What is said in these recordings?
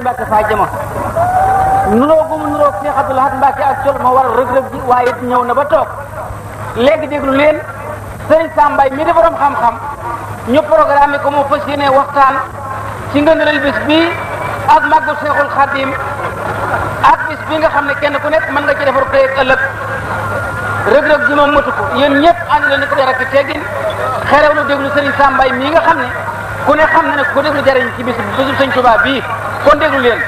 Mbàkke faa jëma nuroo gu mu nuroo ak col moo waral rëg-rëg ji waaye ñëw na ba toog léegi déglu leen sëriñ Sàmbaay mi di borom xam-xam ñu programme ko moo fas yéene waxtaan ci ngënalal bis bi ak màggu Seexul Xadim ak bis bi nga xam ne kenn ku nekk mën nga ci defar xëy ak matu ko yéen ñëpp ànd leen ko yar ak teggin xerew lu déglu sëriñ Sàmbaay mii nga xam ne ku ne xam na ne ku ko déglu jariñ ci bis bisub sëñ Tuubaa bii kon déglu leen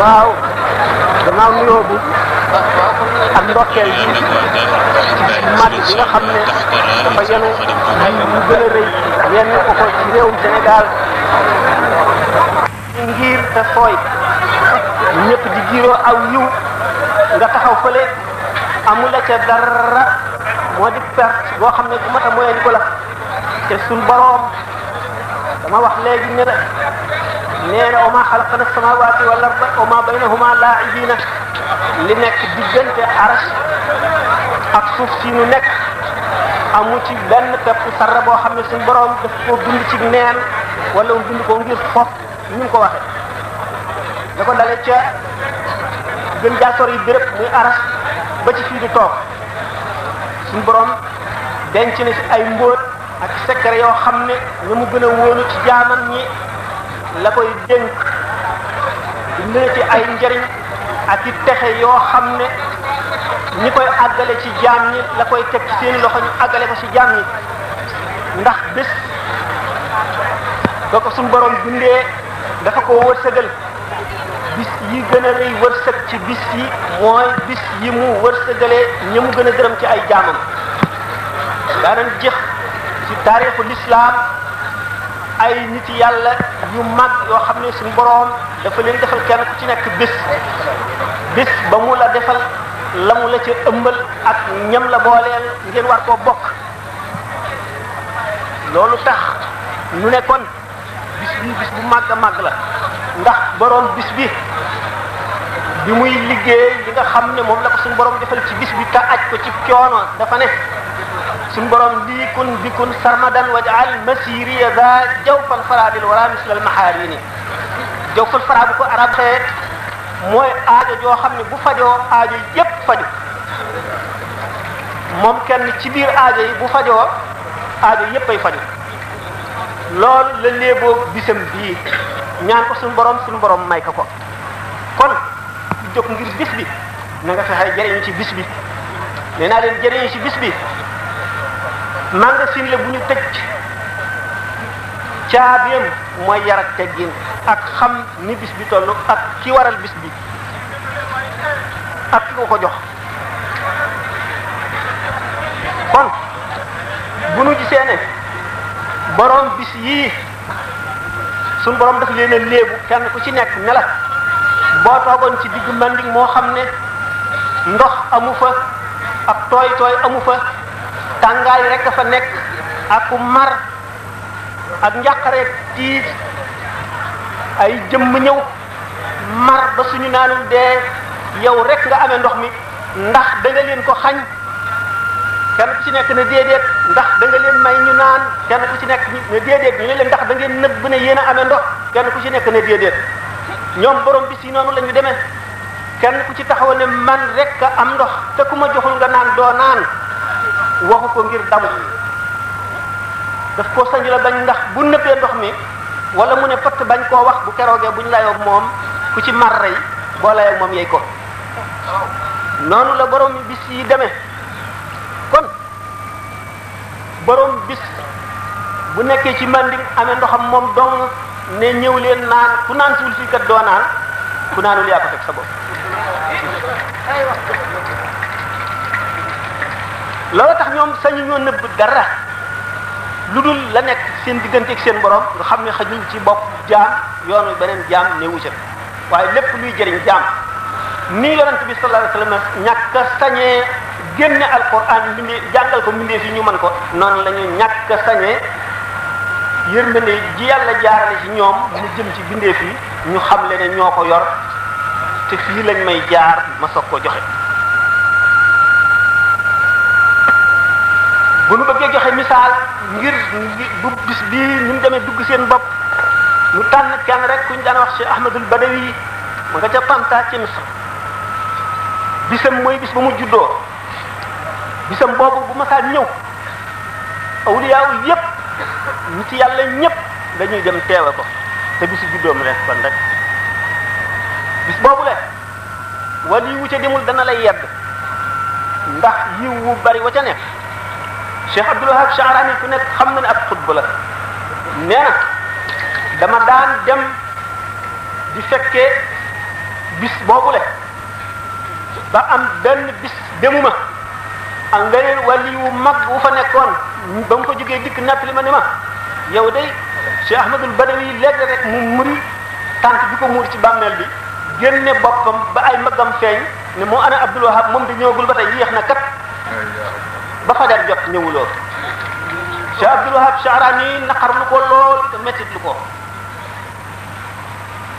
waaw danaa nuyoo bi ak ndokkeel bi màgg nga xam ne dafa yenu lu gën rëy yenn ko ko ci réewum Sénégal ci ngir te sooy ñëpp di giiroo aw yiw nga taxaw fële amula ca dara moo di perte boo xam ne bu ma ta moyen ko la ca suñ boroom dama wax léegi ne la nee na oma xalaqna samawati wal arda oma baynahuma li nekk diggante aras ak suuf si ñu nekk amu ci benn pepp sarra boo xam ne suñ boroom daf koo dund neen wala mu dund ko ngir fof ñu ko waxe da ko dale ca gën jaasoor yi béréb muy aras ba ci fii di toog suñ boroom denc na ci ay mbóot ak secret yoo xam ne ñu gën a wóolu ci jaamam ñi la koy dénk dina ci ay njëriñ ak i texe yoo xam ne ñi koy àggale ci jaam ñi la koy teg ci loxo ñu àggale ko ci jaam ñi ndax bis ba ko suñu borom bindee dafa ko wërsëgal bis yi gën a rëy wërsëg ci bis yi mooy bis yi mu wërsëgalee ñi gën a gërëm ci ay jaamam daanan jeex taarixu lislaam ay nit yàlla yu mag yoo xam ne suñu boroom dafa leen defal kenn ku ci nekk bés bés ba mu la defal la mu la ca ëmbal ak ñam la booleel ngeen war koo bokk loolu tax ñu nekkoon kon bis bi bu màgg màgg la ndax boroom bis bi bi muy liggéey li nga xam ne moom la ko suñu boroom defal ci bis bi te aj ko ci coono dafa ne suñu borom lii kun bikun sarmadan wajaal masiriya da jawfal fara bil wara mislal maharini jawfal fara bu ko arab mooy aajo joo xam ne bu fajoo aajo yépp faju moom kenn ci biir aajo bu fajoo aajo yépp ay faju loolu la léeboo bisam bii ñaan ko suñu may ko ko kon jóg ngir bisbi bi na nga fexe jëriñu ci bis bi nee naa leen jëriñu ci bis bi magasin la bu ñu tëj caabiyam mooy yar teggin ak xam ni bis bi toll ak ki waral bis bi ak ki ko ko jox kon bu nu gisee ne borom bis yii suñ borom daf leen a léebu kenn ku ci nekk ne la boo toogoon ci diggu manding moo xam ne ndox amu fa ak tooy tooy amu fa tàngaay rek fa nekk ak mar ak njàqare tiis ay jëmm ñëw mar ba suñu naanul dee yow rek nga amee ndox mi ndax da leen ko xañ kenn ku ci nekk na déedéet ndax da leen may ñu naan kenn ku ci nekk ne déedéet ñu ne leen ndax da ngeen nëbb ne yéen a amee ndox ci nekk ne déedéet ñoom borom bi yi noonu la ñu demee kenn ku ci taxaw ne man rek a am ndox te ku ma joxul nga naan doo naan waxu ko ngir daw daf ko sañ la bañ ndax bu nëppee ndox mi wala mu ne patt bañ koo wax bu keroogee buñ layoo moom ku ci mar rey boo layoo moom yey ko noonu la borom bis yi deme kon boroom bis bu nekkee ci màndim amee ndoxam moom dong ne ñëw leen naan ku naan siwul fii kat doo naan ku naanul yaa ko teg sa bopp loola tax ñoom sañu ñoo nëbb dara lu dul la nekk seen diggante ak seen borom nga xam ne xajuñ ci bokk jaam yoonu beneen jaam ne wucca waaye lépp luy jëriñ jaam ni yonent bi sallallahu alayhi wasallam ñàkk a sañee génne alquran mbindee jàngal ko mbindee fi ñu man ko noonu la ñu ñàkk a sañee yërmande ji yàlla jaarale ci ñoom mu jëm ci bindee fi ñu xam le ñoo ko yor te fii lañ may jaar ma soog ko joxe joxe misaal ngir bu bis bii ni mu demee dugg seen bopp ñu tànn kenn rek kuñ daan wax Cheikh Ahmadul Badawi ma nga ca Tanta ci Misra bisam mooy bis ba mu juddoo bisam boobu bu masaan ñëw awliyaaw yépp nit yàlla ñépp dañuy dem teewe ko te bisu juddoom rek kon rek bis boobu le wali wu ca demul dana lay yedd ndax yiw wu bari wa ca nekk Cheikh Abdul Wahab Sha'rani ku nekk xam na ne ab xutba la nee na dama daan dem di fekkee bis boobule ba am benn bis demuma ak ngëneel wali wu mag wu fa nekkoon ba mu fa jógee dikk li ma ni ma yow day Cheikh Ahmadul Badawi léegi rek mu muri tànk bi ko muur ci bàmmeel bi génne boppam ba ay magam feeñ ne moo ana Abdul Wahab moom di ñëwagul ba tey yéex na kat ba fajar jot ñëwuloo Cheikh Abdul Wahab Sha'rani naqar lu ko lool te mettit lu ko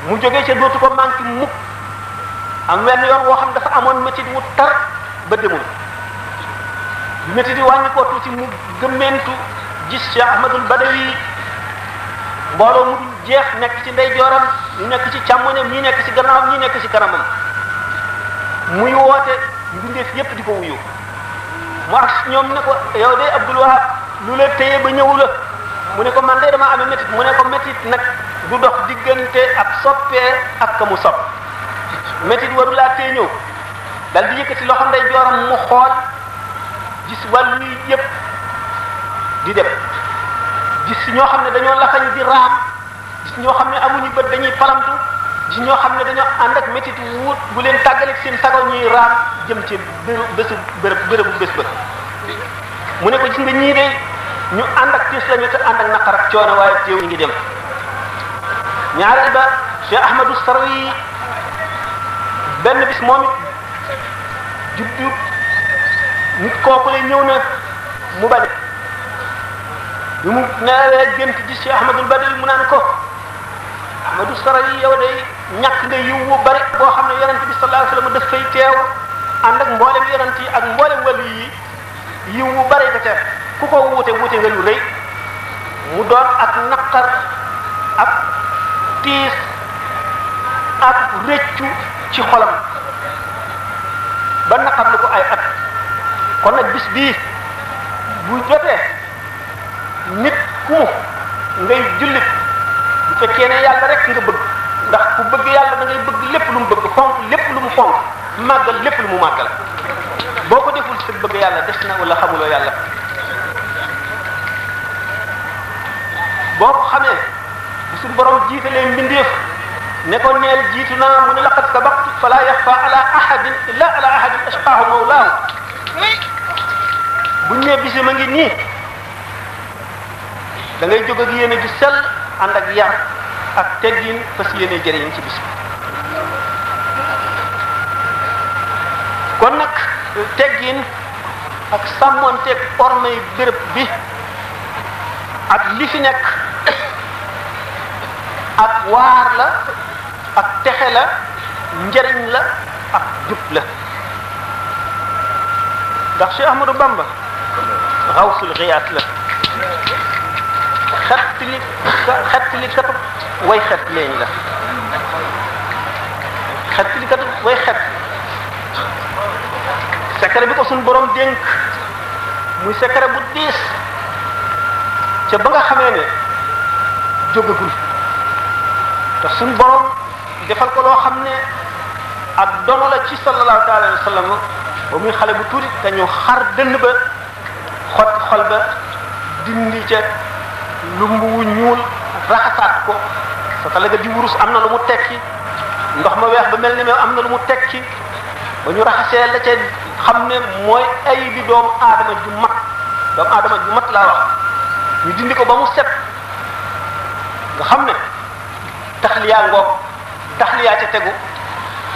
mu jógee ca dootu ko manqué mukk am wenn yoon woo xam dafa amoon mettit wu tar ba demul mettit yi wàññi ko tuuti mu gëmmentu gis Cheikh Ahmadul Badawi mbooloo mu jeex nekk ci ndeyjooram ñu nekk ci càmmoñam ñi nekk ci gannaawam ñi nekk ci kanamam muy woote mbindeef yépp di ko wuyu mu wax ñoom ne ko yow de Abdul Wahab lu la téye ba ñëwu la mu ne ko man de dama amee métit mu ne ko métit nag du dox diggante ab soppee ak ka mu sopp métit waru laa téye ñëw dal di loo xam ne jooram mu xool gis wàllu yëpp di dem gis ñoo xam ne dañoo lafañ di raam gis ñoo xam ne amuñu bët dañuy palamtu ji ñoo xam ne dañoo ànd ak métit wut bu leen tàggaleeg seen sago ñuy raam jëm ci bésu bésu bërëb mu ne ko gis nga ñii de ñu ànd ak tiis lañu te ànd ak naqar coono waaye teew ñu ngi dem ñaareel ba Cheikh Ahmadou Sarwi benn bis moom it juddu nit kooku le ñëw na mu bañ bi mu neelee gént ci Cheikh Ahmadou Badal mu naan ko Ahmadu Sarawi yow day ñàkk nga yiw wu bari boo xam ne yonent bi sallallahu alayhi wasallam daf fay teew ànd ak mboolem yonent yi ak mboolem wàllu yi yiw wu bari nga teew ku ko wuute wuute nga lu rëy mu doon ak naqar ak tiis ak rëccu ci xolam ba naqar lu ko ay at kon nag bis bi bu jote nit ku ngay jullit fekkee ne yàlla rek nga bëgg ndax ku bëgg yàlla da ngay bëgg lépp lu mu bëgg fonk lépp lu mu fonk màggal lépp lu mu màggal boo ko deful sa bëgg yàlla des na wala xamuloo yàlla boo ko xamee bu suñu borom jiitalee mbindeef ne ko neel jiitu naa mu ne laqad sabaqtu fala yaxfa ala ahadin illa ala ahadin ashqaahu mawlaahu buñ ne bisi ma ngi nii da ngay jóg ak yéene ju sell ànd ak yar ak teggin fas yéene jëriñ ci bis kon nag teggin ak sàmmonteeg ormay béréb bi ak li fi nekk ak waar la ak texe la njëriñ la ak jub la ndax Cheikh Ahmadou Bamba xawsul xiyaas la xet li xet li katub way xet leeñ la xet li katub xet sekere bi ko suñ borom dénk muy sekere bu diis ca ba nga xamee ne jógagul te suñ borom defal ko loo xam ne ak dono la ci sallallahu taala wa sallam muy xale bu tuuti te ñu xar dënn ba xot xol ba dindi ca lumb wu ñuul raxasaat ko satala ga di am na lu mu teg tekki ndox ma weex ba mel na meew am na lu mu tekki ba ñu raxasee la ca xam ne mooy ay bi doomu aadama ju mat doomu aadama ju mat laa ñu jindi ko ba mu set nga xam ne taxliyaa ngoog taxliyaa ca tegu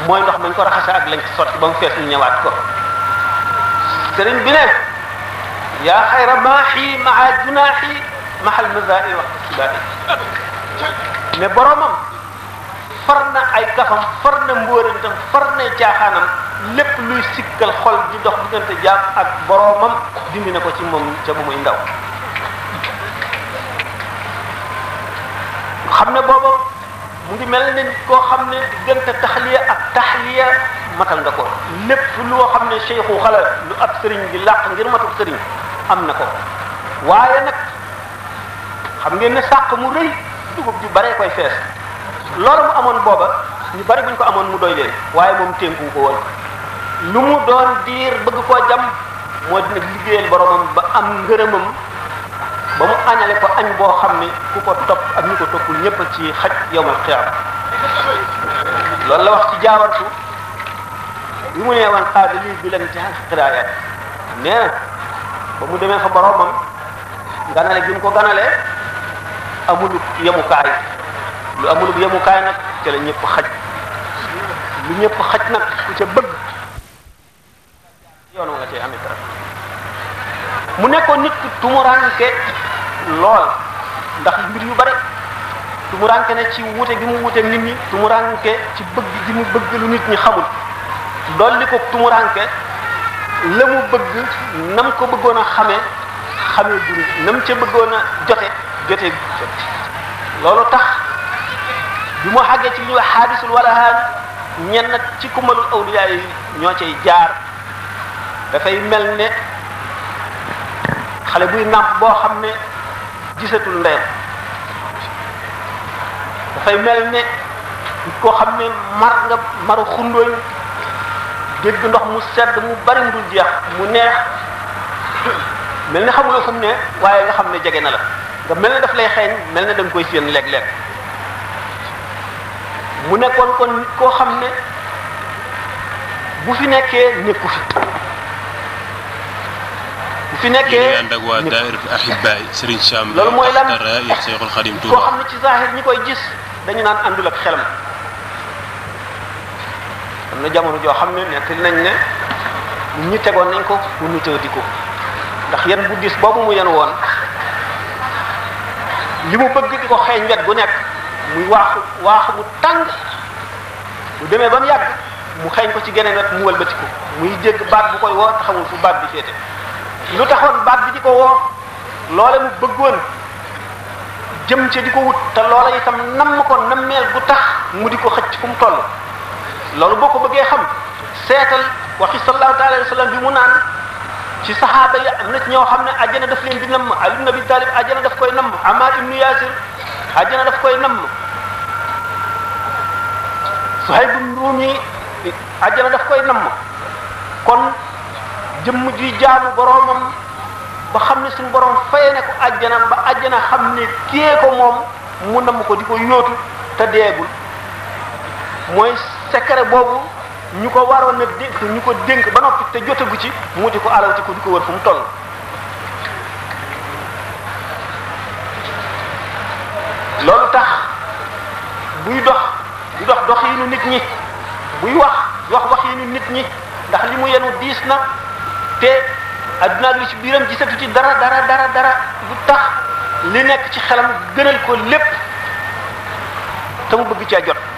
mooy ndox mañ ko raxase ak lañ ci sotti ba mu fees ñu ñëwaat ko sëriñ bi ne yaa xayra maaxi maa junaaxi mahal mazai wax kibaari ne boromam far na ay kafam far na mbóorantam far na caaxaanam lépp luy sikkal xol di dox diggante jaam ak boromam dindi na ko ci moom ca bu muy ndaw xam ne booba mu ngi mel ne koo xam ne diggante taxliya ak taxliya matal nga ko lépp loo xam ne seexu xala lu ab sëriñ bi làq ngir matul sëriñ am na ko waaye nag xam ngeen ne sàq mu rëy dugub ju baree koy fees loolu mu amoon booba ñu bari buñ ko amoon mu doy leen waaye moom ténku ko woon lu mu doon diir bëgg koo jam moo dina liggéeyal boromam ba am ngërëmam ba mu añale ko añ boo xam ne ku ko topp ak ñu ko toppul ñépp ci xaj yowmal xiyaam loolu la wax ci jaawartu bi mu nee woon xaada lii bi lam ci xiraaya nee na ba mu demee fa boromam ganale gi mu ko ganalee amulub yemukaay lu amulub yemukaay nag ca la ñëpp xaj lu ñëpp xaj nag ku ca bëgg yoon wa nga cee mu nekkoon nit ku tumuranke lool ndax mbir yu bare tumuranke ne ci wute gi mu wute nit ñi tumuranke ci bëgg gi mu bëgg lu nit ñi xamul dolli ko tumuranke la mu bëgg nam ko bëggoon a xamee xamee duru nam ca bëggoon a jote jotee loolu tax bi mu xàggee ci li ñuy wax xaadisul walahaan ñenn ci kumalul awliya yi ñoo ciy jaar dafay mel ne xale buy nàmp boo xam ne gisatul ndeyam dafay mel ne koo xam ne mar nga maru xundooñ dégg ndox mu sedd mu bari mu jeex mu neex mel ne xamuloo fu ne waaye nga xam ne jege na la nga mel na daf lay xeeñ mel na da koy séen léeg-léeg mu nekkoon kon nit koo xam ne bu fi nekkee nekku fi bu fi nekkee ànd ak waa daayiratu ahibbaay loolu mooy lan Cheikhul Khadim Touba koo xam ne ci ñi koy gis dañu naan àndul ak xelam am na jamono joo xam ne nekk nañ ne nit ñi tegoon nañ ko mu nitoo di ko ndax yan bu gis boobu mu yan woon li mu bëgg di ko xeeñ wet bu nekk muy waaxu waaxu bu tàng bu demee ba mu yàgg mu xeeñ ko ci geneen wet mu wëlbati ko muy dégg baat bu koy woo te xamul fu baat bi féete lu taxoon baat bi di ko woo loole mu bëggoon jëm ci di ko wut te loola itam nam ko nammeel bu tax mu di ko xëcc fu mu toll loolu boo ko bëggee xam seetal waxi sallallahu alayhi wa sallam bi mu naan ci saxaaba yi am na ci xam ne àjjana daf leen di namm Ali ibn Abi Talib àjjana daf koy namm Ammar ibn Yasir àjjana daf koy namm Suhayb daf koy namm kon jëmm ji jaamu boromam ba xam ne suñu borom fay na ko àjjana ba àjjana xam ne kee ko moom mu namm ko di ko yóotu te deegul mooy secret boobu. ñu ko waroon a dénk ñu ko dénk ba noppi te jotagu ci mu di ko alawti ko di ko wër fu mu toll loolu tax buy dox dox dox yi nu nit ñi buy wax wax wax yi nu nit ñi ndax li mu yenu diis na te adduna li ci biiram gisatu ci dara dara dara dara lu tax li nekk ci xelam gënal ko lépp te mu bëgg caa jot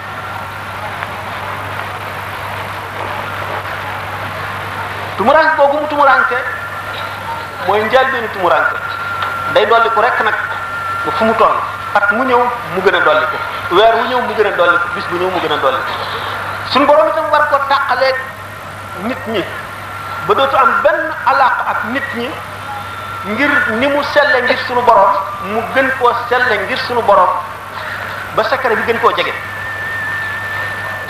tumuranke boogu mu tumuranke mooy njëlbeenu tumuranke day dolli ko rekk nag fu mu toll at mu ñëw mu gën a dolli ko weer wu ñëw mu gën a dolli ko bis bu ñëw mu gën a dolli ko suñu borom itam war nit ñi ba dootu benn alaaq ak nit ñi ngir ni mu selle ngir suñu mu gën koo selle ngir suñu borom ba secret bi gën koo jege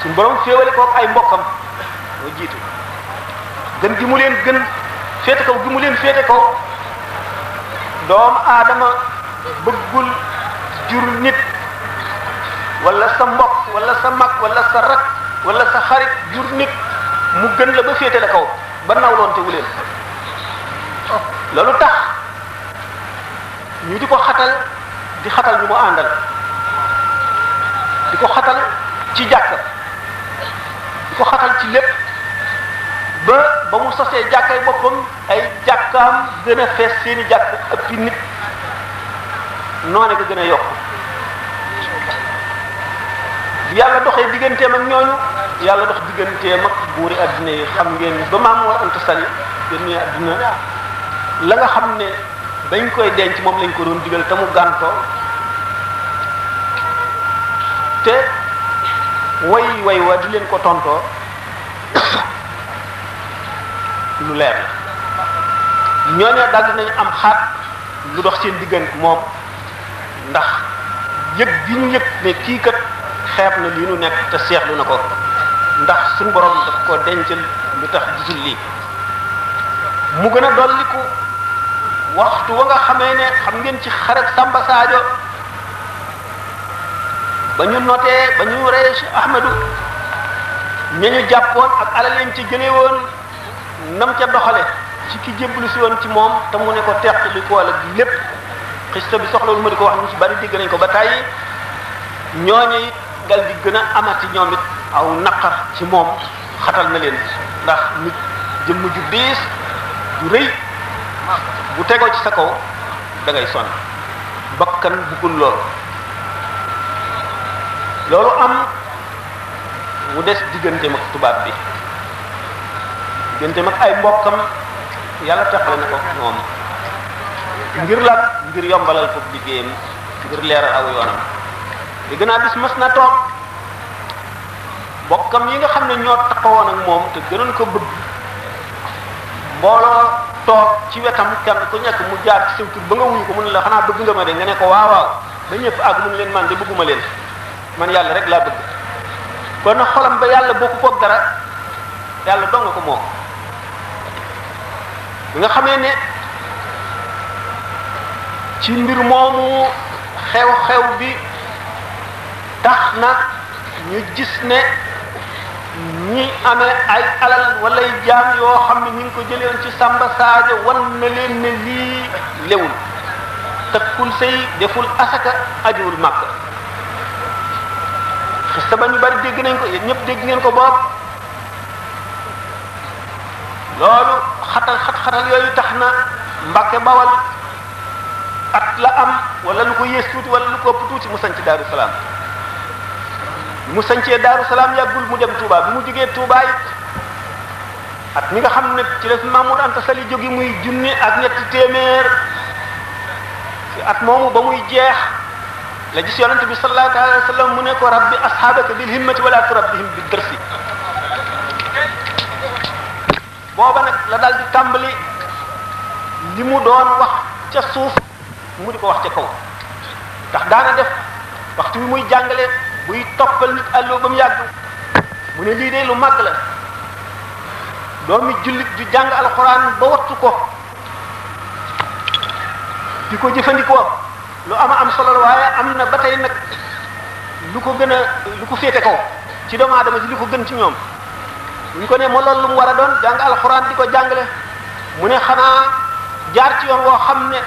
suñu borom féewale ko ay mbokkam moo jiitu gën gi mu leen gën féete kaw gi mu leen féete kaw doomu aadama bëggul jur nit wala sa mbokk wala sa mag wala sa rak wala sa xarit jur nit mu gën la ba féete kaw ba nawloonte wu leen loolu tax ñu di ko xatal di xatal ñu mu àndal di ko xatal ci jàkk di ko xatal ci lépp ba ba mu sosee jàkkay boppam ay jàkkaam gën a fees seeni jàkk ak fi nit noone ko gën a yokk yàlla doxee digganteem ak ñooñu yàlla dox digganteem ak buuri adduna yi xam ngeen ba maam war ant sali génnee adduna la nga xam ne dañ koy denc moom lañ ko doon digal te mu gàntoo te way way wa di leen ko tontoo lu leer la ñooñu daal dinañ am xat lu dox seen diggant moom ndax yëg bi ñu yëg ne kii kat xeeb na lii ñu nekk te seexlu na ko ndax suñu borom daf koo dencal lu tax gisul lii mu gën a dolliku waxtu wa nga xamee ne xam ngeen ci xarak Samba Sadio ba ñu notee ba ñu rey Ahmadu ña ñu jàppoon ak alal lañ ci jëlee woon. nam ca doxale ci ki jébbalu si woon ci moom te mu ne ko teq li ko wala lépp xista bi soxlawul ma di ko wax ñu ci bari dégg ko ba tàyyi ñooñu it dal di gën a amati ñoom it aw naqar ci moom xatal na leen ndax nit jëmm ju diis ju rëy bu tegoo ci sa kaw dangay ngay sonn bakkan buggul lool loolu am mu des diggante ma tubaab bi diggante mag ay mbokkam yàlla taxale na ko moom ngir lan ngir yombalal ko liggéeyam ngir leeral aw yoonam li gën a na toog mbokkam yi nga xam ne ñoo taxawoon ak moom te gënoon ko bëgg mbooloo toog ci wetam kenn ku nekk mu jaar ci sewtur ba nga wuyu ko mu ne la xanaa bëgg nga ma de nga ne ko waaw waaw ba ñëpp ak mu leen man de bëgguma leen man yàlla rek laa bëgg kon xolam ba yàlla bokku koog dara yàlla dong ko moom bi nga xamee ne ci mbir moomu xew-xew bi tax na ñu gis ne ñi amee ay alal wala jaam yoo xam ne ñu ngi ko jëleen ci sàmba Sadio wan na leen ne lii lewul takkul sëy deful asaka ajuwul màkk xista ñu bari dégg nañ ko yéen ñëpp dégg ngeen ko bopp loolu xatal xat-xatal yooyu tax na Mbàkke Bawal at la am wala lu ko yées tuuti wala lu ko ëpp tuuti mu sanc Daaru Salaam mu sancee Daaru Salaam yàggul mu dem Touba bi mu jógee Touba it at mi nga xam ne ci la fi Mamour Anta Sali jógi muy junni ak ñetti téeméer ci at moomu ba muy jeex la gis yonent bi sallallahu alayhi wa sallam mu ne ko rabbi ashaabaka bil himmati wala turabbihim bid darsi booba nag la daal di tàmbali li mu doon wax ca suuf mu di ko wax ca kaw ndax daana def waxtu bi muy jàngale buy toppal nit àlloo ba mu yàgg mu ne lii de lu màgg la doomi jullit ju jàng alxuraan ba wattu ko di ko jëfandikoo lu ama am solo la waaye am na ba tey nag lu ko gën a lu ko féete kaw ci doomu aadama ji li ko gën ci ñoom duñ ko ne ma loolu lu mu war a doon jàng alxuraan di ko jàngale mu ne xanaa jaar ci yoon woo xam ne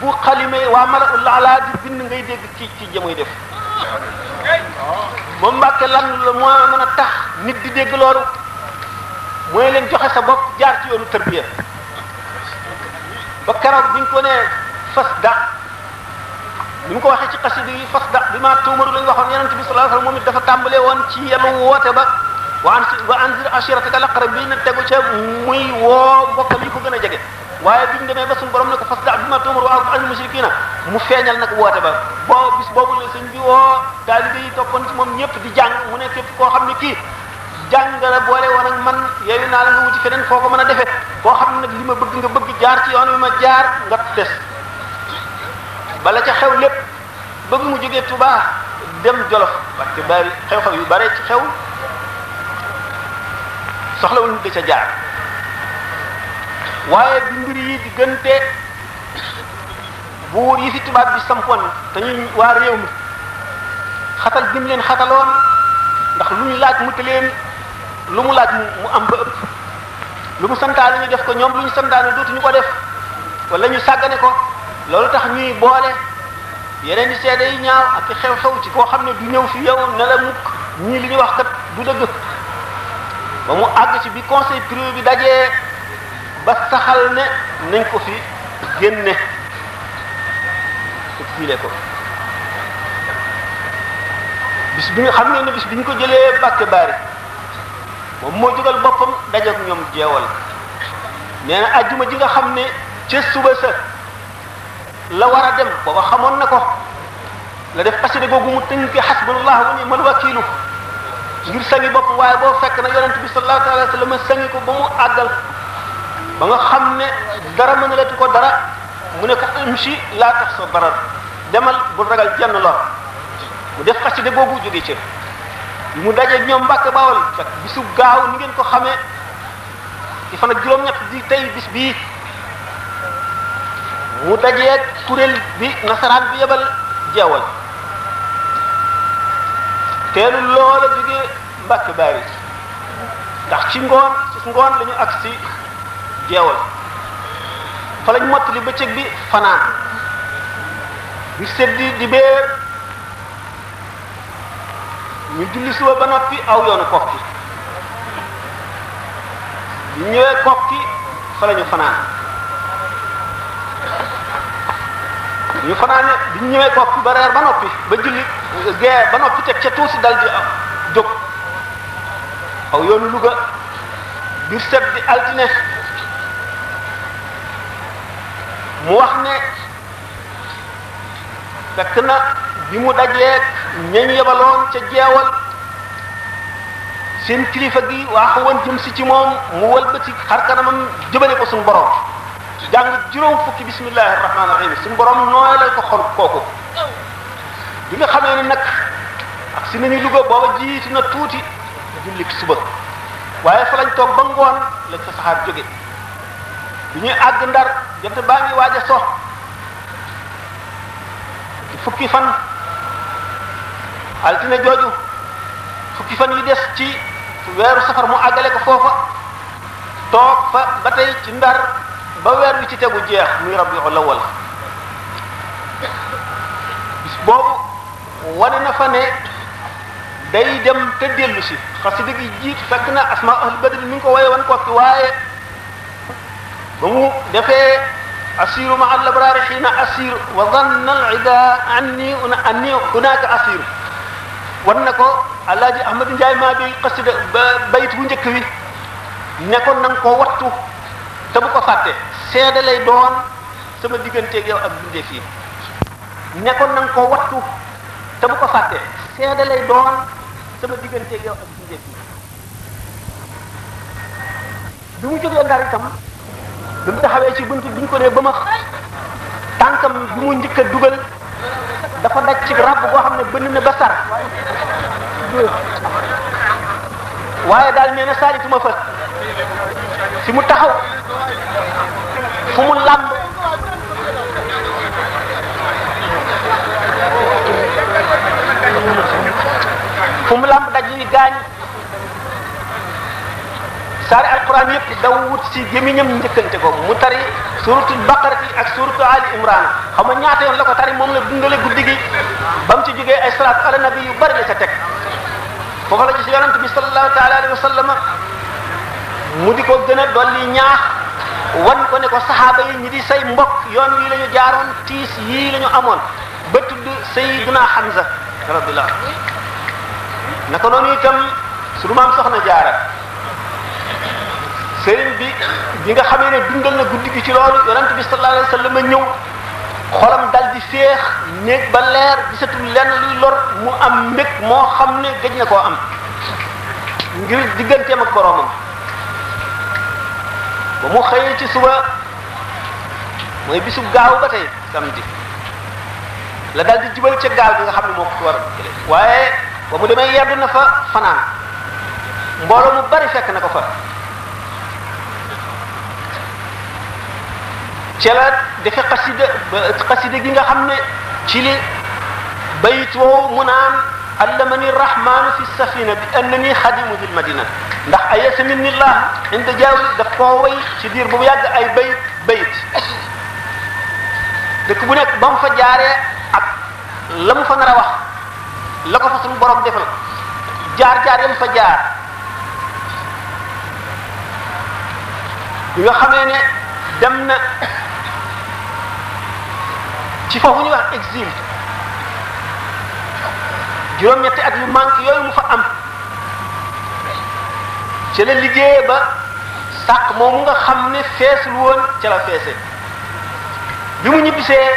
bu xalimee waa malaul ala di bind ngay dégg ci ci jëmuy def moom Mbàkke lan la moo mën a tax nit di dégg loolu mooy leen joxe sa bopp jaar ci yoonu tërbiya ba keroog bi ñu ko nee fas daq ni mu ko waxee ci xasida yi fas daq bi maa tuumaru lañ waxoon yonent bi sallallahu alayhi wasallam moom dafa tàmbalee woon ci yelu woote ba wa anzir ashiratakal aqrabina tegu ca muy woo bokkam yi ko gën a jege waaye biñ demee ba suñu borom ne ko fasda' ma tu'mar wa a'rid anil mushrikiina mu feeñal nag woote ba boo bis boobu la sëñ bi woo taalibe yi toppoon ci moom ñëpp di jàng mu ne képp koo xam ne kii jàng la boole woon ak man yooyu naa la nga wuti feneen foo ko mën a defee koo xam ne nag li ma bëgg nga bëgg jaar ci yoon wi ma jaar nga des bala ca xew lépp bëgg mu jógee Touba dem Jolof parce que bari xew yu bare ci xew soxlawul ñu da ca jaar waaye bi mbir yi diggante buur yi fi tibaat bi sampoon te ñuy waa réew mi xatal bi mu leen xataloon ndax lu ñu laaj mu tëleen lu mu laaj mu am ba lu mu santaan ñu def ko ñoom lu ñu santaane dootuñu ko def wala ñu sàggane ko loolu tax ñuy boole yeneen i seede yi ñaaw ak xew-xew ci koo xam ne du ñëw fi yow ne mukk ñii li ñu wax kat du dëgg ba mu àgg ci bi conseil privé bi dajee ba saxal ne nañ ko fi génne exilé ko bis bi nga xam ngeen ne bis bi ñu ko jëlee Mbàkke Bari moom moo jógal boppam dajeek ñoom jeewal nee na ajjuma ji nga xam ne ca suba sa la war a dem booba xamoon na ko la def xasida googu mu tënke xasbunallahu wa ni'mal wakiilu ngir sangi bopp waaye boo fekk na yonent bi sallallahu alayhi wa sallam sangi ko ba mu àggal ba nga xam ne dara mënalatu ko dara mu ne ko imshi laa tax sa barar demal bu ragal jenn lor mu def xaside boobu jóge ci mu daje ñoom Mbàkke Bawol fekk bisu gaaw ni ngeen ko xamee ci fan ak juróom-ñett di tey bis bii mu dajee kuréel bi nasaraan bi yebal jeewal teelu loola jógee mbàkk bari ndax ci ngoon ci ngoon la ñu agg si jeewal fa lañ mottali bëccëg bi fanaan bi seddi di béer ñu julli suba ba noppi aw yoonu kokki ñu ñëwee kokki fa la fanaan ñu fanaane bi ñu ñëwee bopp ba reer ba noppi ba julli gee ba noppi teg ca tuusi dal di jóg aw yoonu Louga biir set di altine mu wax ne fekk na bi mu dajee ñañ yebaloon ca jeewal seen kilifa gi waaxu woon jëm si ci moom mu wëlbati xar kanamam jëbale ko suñu boro jàng juróom fukki bismillahi rahmaani rahim suñu borom nooy lay ko xol kooku bi nga xamee ni nag ak si nañu Louga booba na tuuti jullik suba waaye fa lañ toog ba ngoon lañ fa saxaar jóge bi ñuy àgg ndar jant baa ngi waaj fukki fan altine jooju fukki fan yi des ci weeru safar mu àggale ko foofa toog fa ba tey ci ndar ba weer wi ci tegu jeex muy rabiul awwal bis boobu wane na fa ne day dem te dellu si xasida gi jiit fekk na asma ahlu badri mi ngi ko waye wan kokki waaye ba mu defee asiru ma al abraari xiina asir wa danna al ida anni anni hunaka asir wan na ko alaaji ahmad njaay maa bi xasida bayit bu njëkk wi ne ko nanga ko wattu te seede lay doon sama digganteeg yow ak bindeef yi nekkoon na nga ko wattu te bu ko fàtte seede lay doon sama digganteeg yow ak bindeef yi bi mu jógee ndar bi mu taxawee ci bunt bi ñu ko ne ba ma tànkam bi mu njëkk a dugal dafa daj ci rab boo xam ne bënn na ba sar waaye daal nee na saalituma fa si mu taxaw fu mu làmb mu làmb daj yi gaañ saari alquran yëpp daw wut si gémiñam njëkkante ko mu tari suratul baqara ak suratu ali imran xam nga ñaata yoon la ko tari moom la dundale guddi gi ba mu ci jógee ay salaatu ala nabi yu bari la ca teg foofu la gis yonent bi sallallahu taala alayhi wa sallama mu di ko wan ko ko saxaaba yi ñi di say mbokk yoon wii la ñu jaaroon tiis yii la ñu amoon ba tudd Sayyiduna Hamza radiyallahu naka noonu itam sunu maam soxna jaara sëriñ bi bi nga xamee ne dundal na guddi gi ci loolu yonent bi sallallahu alayhi wa sallam ñëw dal di féex néeg ba leer gisatul lenn luy lor mu am mbég moo xam ne gëj na koo am ngir digganteem ak boroomam ba mu ci suba bisu gaaw ba tey samedi la daal di jubal ca gaal bi nga xam ne moo ko war waaye ba mu demee na fa fanaan mbooloo mu bari fekk na ko fa ci la defe xasida xasida gi nga xam ne ci li bayit mu naan allamani rahmaanu fi safina bi annani xadimu dil madina ndax mi minni llah inda jaawli daf koo way ci diir bu yàgg ay bayit bayit dëkk bu nekk ba mu fa jaaree ak la mu fa nar a la ko fa suñu borom defal jaar jaar yam fa jaar bi nga xamee ne dem na ci foofu ñuy wax exil juróom-ñetti at yu manque yooyu mu fa am ci la liggéeyee ba sàq moomu nga xam ne feesul woon ca la feese bi mu ñibbisee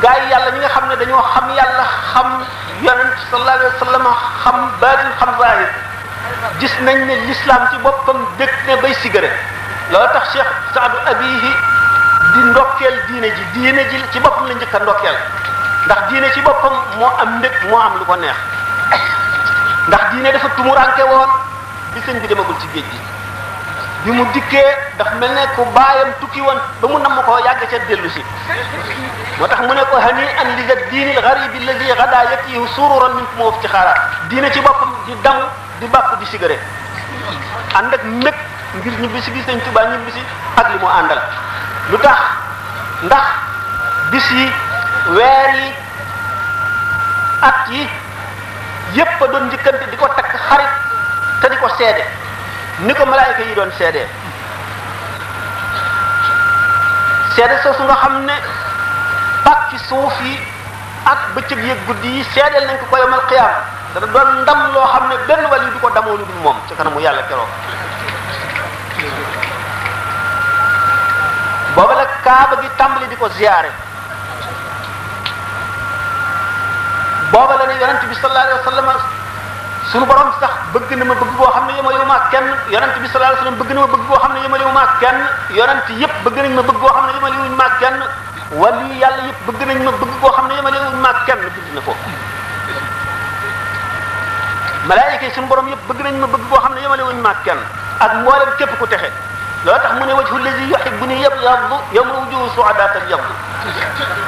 gaa yàlla ñi nga xam ne dañoo xam yàlla xam yonent sallallahu alayhi wa sallam xam baatin xam zahir gis nañ ne l'islam ci boppam dëkk ne bay sigare loolu tax Cheikh Saadu Abihi di ndokkeel diine ji diine ji ci boppam la njëkk a ndokkeel ndax diine ci boppam moo am ndëg moo am lu ko neex ndax diine dafa tumuranke woon bi sëñ bi demagul ci géej gi bi mu dikkee daf mel ne ku baayam tukki woon ba mu namm ko yàgg ca dellu si moo tax mu ne ko hani an li gat diinil gharib alladi gada yatihi sururan min fu ci xaaraat diine ci boppam di dam di bàpp di sigare ànd ak mbég ngir ñibbisi gi sëñ Tuubaa ñibbisi ak li mu àndal lu tax ndax bis yi weer yi at yi yépp a doon njëkkante di ko takk xarit te di ko seede ni ko malaayika yi doon seede seede soosu nga xam ne pàcc suuf yi ak bëccëg yeeg guddi yi seedeel nañ ko ko yomal xiyaam dana doon ndam loo xam ne benn wàllu di ko damoo lu dul moom ci kanamu yàlla keroog. booba la kaaba gi tàmbali di ko ziyaare. booba la ne yonent bi sallallahu alayhi wa sallam suñu borom sax bëgg na ma bëgg boo xam ne yemalewu ma ak kenn yonent bi sallallahu alayhi wa sallam bëgg na ma bëgg boo xam ne yemalewu ma ak kenn yonent yëpp bëgg nañ ma bëgg boo xam ne yemalewuñ ma ak kenn wali yàlla yëpp bëgg nañ ma bëgg boo xam ne yemalewuñ ma ak kenn bind na foofu malaayika yi suñu borom yëpp bëgg nañ ma bëgg boo xam ne yemalewuñ ma ak kenn ak mboolem képp ku texe loolu tax mu ne wajhu lazi yuhibbuni yabyaddu yawma wujuhu su'ada tabyaddu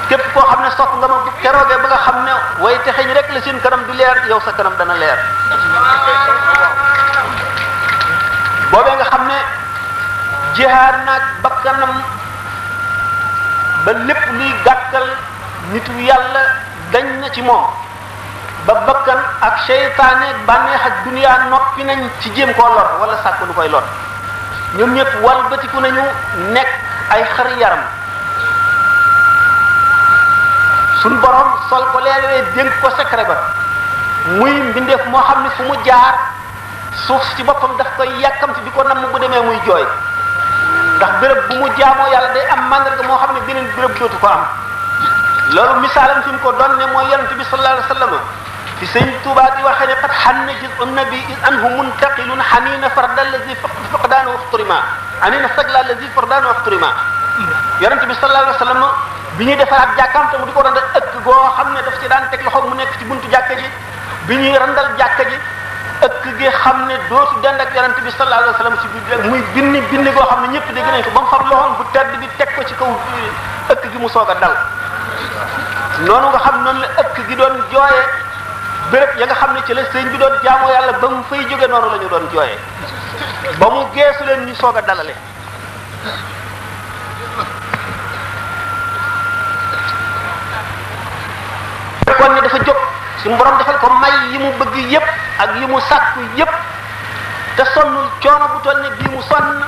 képp koo xam ne sopp nga ma bu keroogee ba nga xam ne way texe ñu rek la seen kanam du leer yow sa kanam dana leer boobee nga xam ne jihaar naag bakkanam ba lépp luy gàkkal nitu yàlla dañ ci moom ba bakkan ak seytaane bànneex ak duniyaa noppi nañ ci jéem koo wala sàkk lu koy lor ñoom ñëpp walbatiku nañu nekk ay xar yaram suñ borom sol ko leelee dénk ko secret ba muy mbindeef moo xam ni fu mu jaar suuf ci boppam daf koy yàkkamti di ko namm bu demee muy jooy ndax bërëb bu mu jaamoo yàlla day am màndarga moo xam ne beneen béréb dootu ko am loolu misaalam fi mu ko doon ne mooy yonent bi sallallahu alayhi wa sallam ci sëñ Tuubaa di waxee ne qad xanna juz'un nabi iz anhu muntaqilun xanina farda allazi fuqdaanu waxturima anina sagla allazi fardaanu waxturima yonente bi sallallahu alayhi wa sallam bi ñuy defaraat jàkkaam te mu di ko randal ëkk goo xam ne ci daan teg loxo mu nekk ci buntu jàkka ji bi ñuy randal jàkka ji ëkk gi xam ne dootu dend ak yonente bi sallallahu alayhi wa sallam ci biir muy binni binni goo xam ne ñëpp dégg nañ ko ba mu fab loxoom bu tedd bi teg ko ci kaw ëkk gi mu soog a dal noonu nga xam noonu la ëkk gi doon jooyee béréb ya nga xam ne ci la bi doon jaamu yàlla ba mu fay jóge noonu la ñu doon jooyee ba mu geesu leen ñu soog a dalale kon ni dafa jóg suñu borom defal ko may yi mu bëgg yépp ak yi mu sàkku yépp te sonnul coono bu toll bii mu sonn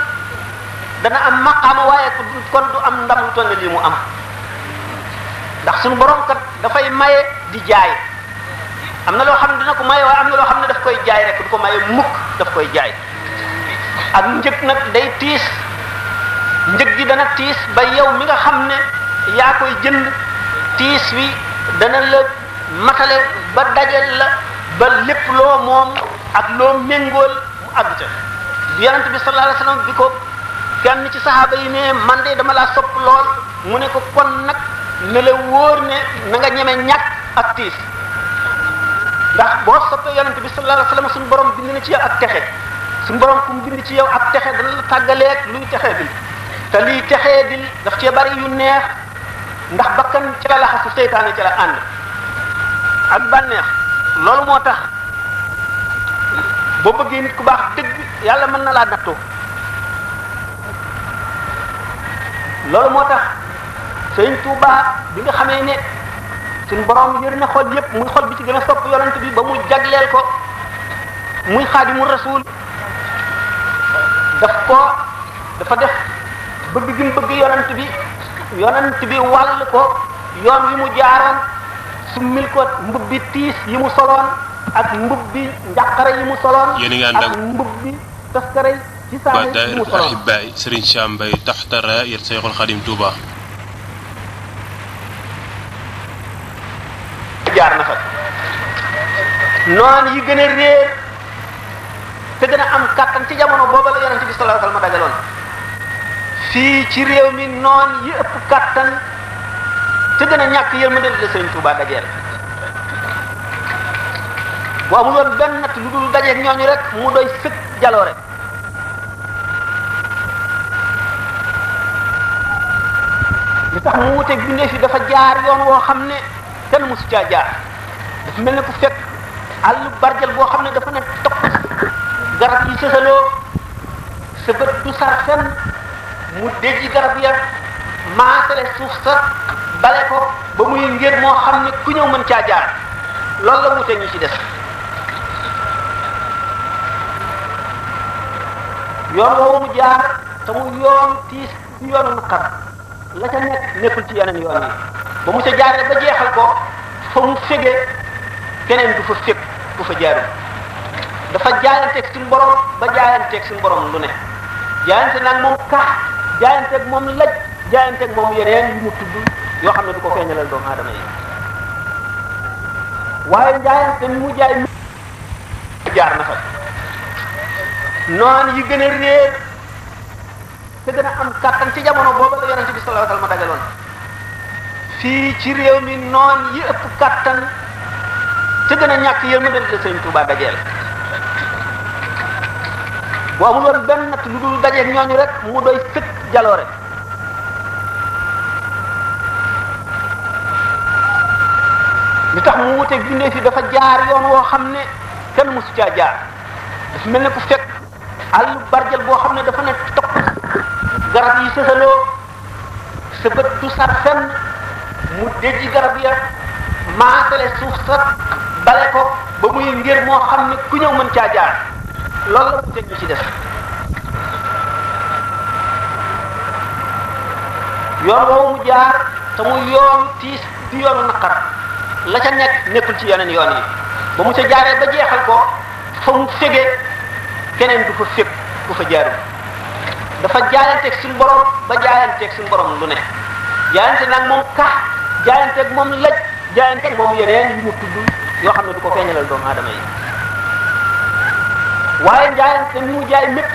dana am maqaama waaye kon du am ndam lu lii mu am ndax suñu borom kat dafay maye di jaay am na loo xam ne dina ko maye am na loo xam ne daf koy jaay rek du ko maye mukk daf koy jaay ak njëg nag day tiis njëg gi dana tiis ba yow mi nga xam ne yaa koy jënd tiis wi dana la matale ba dajal la ba lépp loo moom ak loo méngool mu àgg ca yonent bi sallallahu alayhi wasallam bi ko kenn ci saxaaba yi ne man de dama laa sopp lool mu ne ko kon nag ne la wóor ne na ñeme ñàkk ak tiis ndax boo soppee yonente bi sallallahu alayhi wasallam suñu borom bind na ci yow ak texe suñu borom ku mu bind ci yow ak texe dana la tàggaleeg luy texe bi te liy texe bi daf cee bari yu neex ndax bakkan ci la laxasu seytaane ci la ànd ak bànneex loolu moo tax boo bëggee nit ku baax dëgg yàlla mën na laa nattoo loolu moo tax sëñ Tuubaa bi nga xamee ne suñ borom yër na xol yépp muy xol bi ci gën a sopp yonent bi ba mu jagleel ko muy xaadimu rasul daf ko dafa def bëgg gi mu bëgg yonent bi yonent bi wàll ko yoon yi mu jaaroon summil ko mbub bi tiis yi mu soloon ak mbub bi njàqare yi mu soloon ak mbub bi taskare ci saa yi mu soloon waa daayira ahibaayi Serigne Sam Mbaye taxta raayir Seexul Xadim Tuuba jaar na fa yi gën a réer te gën a am kàttan ci jamono booba la yonent bi sallallahu alayhi wa dajaloon fii ci réew mi noon yi ëpp kàttan te gën a ñàkk yërmande la Sëriñ Tuubaa dajeel boo amul woon benn natt lu dul dajeeg ñooñu rek mu doy sëkk jaloore li tax mu wuteeg bindee fi dafa jaar yoon woo xam ne kenn mosu caa jaar dafa mel ne ku fekk àll barjal boo xam ne dafa ne topp garab yi sësaloo sa bët du sar fenn mu déji garab ya maasale suuf sa bale ko ba muy ngir moo xam ne ku ñëw mën caa jaar loolu la te ñu ci des yoon woowu mu jaar te mu yoon tiis yoonu naqar la ca nekk nekkul ci yeneen yoon ba mu jaar jaaree ba jeexal ko fa mu fegee keneen du fa fekk du fa jaarul dafa jaayanteeg suñu borom ba jaayanteeg sim borom lu ne jaayante nag moom kax jaayanteeg moom laj jaayanteeg moom yeneen yu mu tudd yoo xam ne du ko feeñalal doomu aadama yi waaye jaayante ni mu jaay mu jaar na fa noonu yi gën a réer te gën a am kàttan ci jamono boobu la yonente bi sallallahu alayhi wa dagaloon fii ci réew mi noon yi ëpp kàttan te na ñàkk yërmande dañ sëñ Tuuba dajeel boo amul benn natt lu dul dajeeg ñooñu rek mu doy sëkk jaloore li tax mu wuteeg bindee fi dafa jaar yoon woo xam ne kenn mësu caa jaar dafa mel ne ku fekk àll barjal boo xam ne dafa ne topp garab yi sësaloo sa du sar fenn mu dégg garab ya maasale suuf sa bale ko ba muy ngir moo xam ne ku ñëw mën caa jaar loolu la mu teg ci def yoon woowu mu jaar te yoon tiis du yoonu naqar la ca nekk nekkul ci yeneen yoon yi ba mu ca jaaree ba jeexal ko fa mu fegee keneen du fa fekk ku fa jaarul dafa jaayanteeg suñu borom ba jaayanteeg suñu borom lu ne jaayante nag moom kax jaayante ak moom laj jaayante ak moom yeneen yu ñu tudd yoo xam ne du ko feeñalal doomu aadama yi waaye jaayante ni mu jaay mépp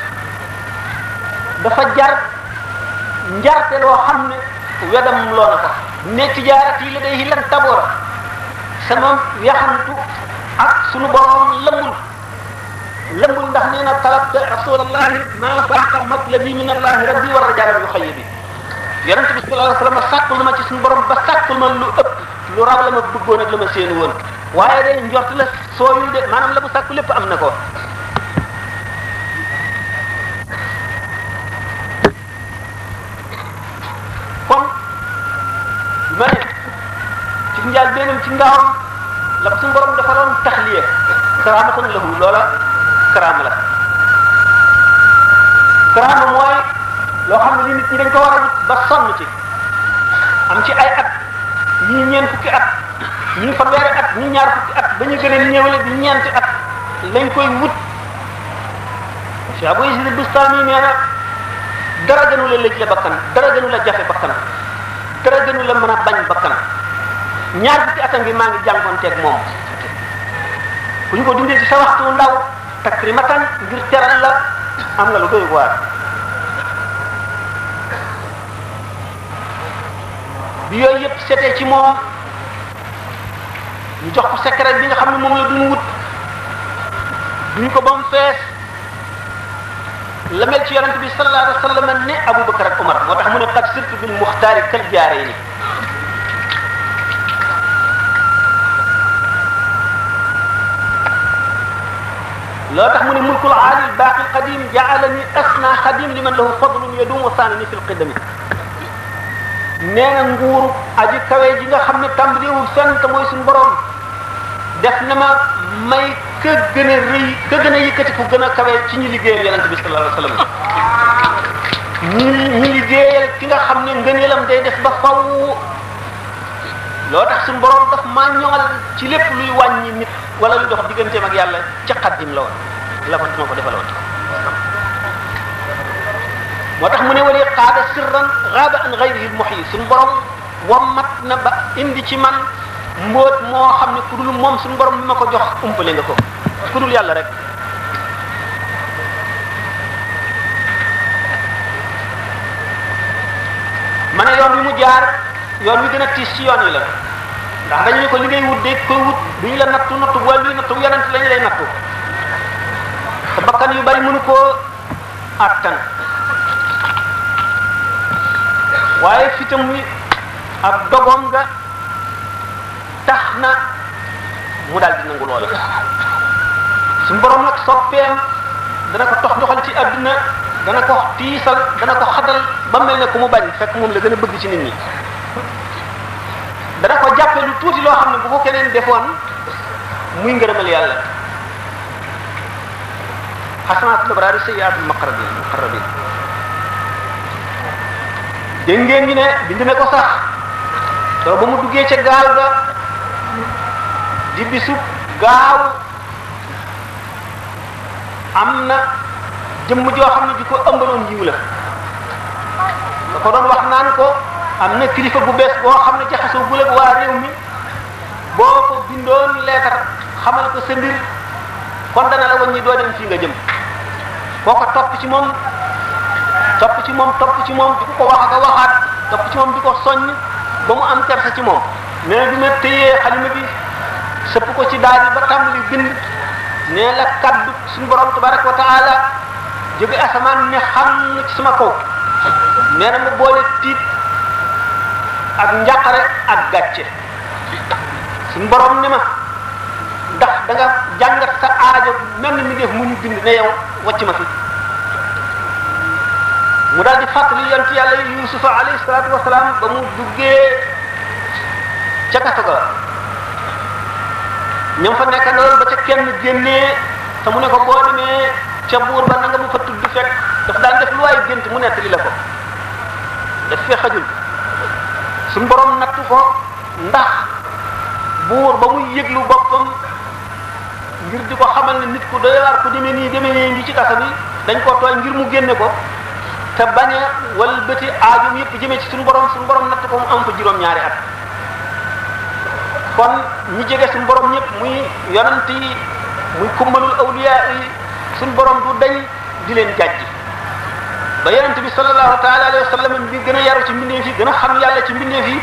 dafa jar njarte loo xam ne wedam loo na ko ne tijaarati la day hilan taboora sama yaxantu ak sunu borom lëmbul lëmbul ndax nee na talabta rasulallahi ma faqa matlabi min allahi rabbi wa rajala bi xayyi bi yonent bi sallallahu alayhi wasallam sàkkul na ma ci suñu borom ba sàkkul ma lu ëpp lu raw la ma bëggoon ak la ma seen woon waaye day njort la sooyul de maanaam la mu sàkku lépp am na ko kon ma ne ci njaal beneen ci ngaawam la ko suñu borom dafa doon taxliya karaamatan lahu loola karaama la karaama mooy loo xam ne li dañ ko war a wut ba sonn ci am ci ay at ñii ñeent fukki at ñii fanweeri at ñii ñaar fukki at ba ñu gën at lañ koy wut Cheikh Abou Yazid Bustami nee na dara gënu la lëj la bakkan dara gënu la jafe bakkan dara gënu la a bañ bakkan ñaar fukki atam bi maa ngi moom bu ñu ko dundee ci sa waxtu ndaw takrimatan ngir teral la am nga lu doy waar bi yooyu yëpp setee ci moom ñu jox ko secret bi nga xam ne moom la duñ wut duñ ko ba mu fees la mel ci yonent bi sallallahu alayhi wa sallam ne Abubakar ak Umar moo tax mu ne qad sirtu bil muxtaari kal jaarayni loo tax mu ne mulkul aali baaqi qadim jaalani asna xadim liman lahu fadlun yadumu saanani fil qidami nee na nguur aji kawe ji nga xam ne tàmbaliwul fenn te mooy suñu borom def na ma may ka gën a rëy ka gën a yëkkati ku gën a kawe ci ñu liggéeyal yonent bi sallallahu alayhi wasallam ñu ñu liggéeyal ki nga xam ne ngëneelam day def ba faw loo tax suñu borom daf ma ñoŋal ci lépp luy wàññi nit wala lu dox diggante ak yàlla ca xaddim la woon la ko duma ko defaloon moo tax mu ne wali xaaba sirran xaaba an xayrihi muhyi suñu borom wammat na ba indi ci man mbóot moo xam ne ku moom suñu borom bi ma ko jox umpale nga ko ku dul yàlla rek ma ne yoon wi mu jaar yoon wi gën a tiis ci yoon wi la ndax dañu ne ko li ngay wut de koy wut duñu la nattu nattu wala luy nattu yonent lañu lay nattu te bakkan yu bari mënu koo attan waaye fitam wi ab dogoom nga tax na mu daal di nangu loola suñu borom nag soppeem dana tox doxal ci àdduna dana ko tiisal dana ko xadal ba mel ne ku mu bañ fekk moom la gën a bëgg ci nit ñi dana ko jàppe lu tuuti loo xam ne bu ko keneen defoon muy ngërëmal yàlla xasanaat labraari sayyiaatul muqarrabin muqarrabin dégg ngeen ñu ne bind ne ko sax soo ba mu duggee ca gaal ga di bisub gaaw am na jëmm joo xam ne di ko ëmbaloon yiw la da ko doon wax naan ko am na kilifa bu bees boo xam ne jaxasoo bu la waa réew mi boo ko bindoon leetar xamal ko sa mbir kon dana la wañ doo dem fii nga jëm koo ko topp ci moom topp ci moom topp ci moom di ko wax ak a waxaat topp ci moom di ko soññ ba mu am kersa ci moom mais bi ma téyee xalima bi sëpp ko ci daal bi ba tàmbali bind nee la kaddu suñu borom tabaraka wa taala jóge asamaan ne xam na ci sama nee na mu boole tiit ak njàqare ak gàcce suñu borom ne ma ndax da nga jàngat sa aajo mel ni mi def mu ñu bind ne yow wàcc ma fi mu daal di fàttali yonent yàlla yusufa alayhi salaatu wasalaam ba mu duggee ca ga ñoom fa nekk loolu ba ca kenn génnee te mu ne ko boo demee ca buur ba na nga mu fa tudd fekk daf daan def lu waay gént mu nettali la ko daf fee xajul suñ borom nattu ko ndax buur ba muy yëglu boppam ngir di ko xamal ne nit ku doy waar ku demee nii demee nii ngi ci kaso bi dañ ko tooy ngir mu génne ko te bañ a walbati aajum yëpp jëmee ci suñu borom suñu borom natt ko am ko juróom-ñaari at kon ñi jege suñu borom ñëpp muy yonant yi muy kummalul awliya yi suñu borom du dañ di leen jàjj ba yonent bi sallallahu taala alayhi wa sallam bi gën a yaru ci mbindeef yi gën a xam yàlla ci mbindeef yi